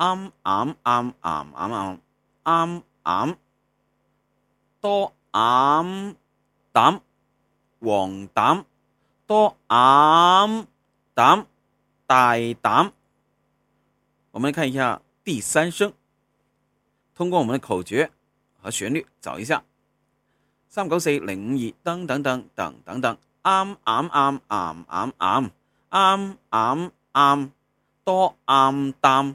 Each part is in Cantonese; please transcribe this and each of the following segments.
啱啱啱啱啱啱啱啱，多啱膽黃膽，多啱膽大膽。我們看一下第三聲，通過我們的口訣和旋律找一下，三九四零五二，等等等等等等，啱啱啱啱啱啱啱啱，多啱膽。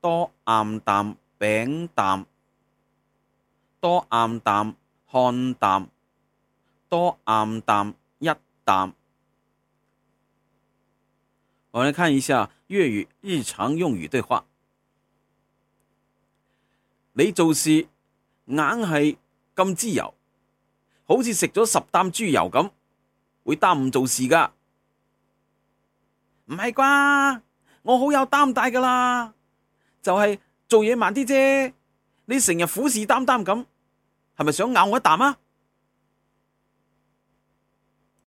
多暗淡，餅淡，多暗淡，汗淡，多暗淡，一淡。我嚟看一下粵語日常用語對話。你做事硬係咁滋悠，好似食咗十擔豬油咁，會耽誤做事噶。唔係啩？我好有擔戴噶啦。就係做嘢慢啲啫，你成日虎視眈眈咁，係咪想咬我一啖啊？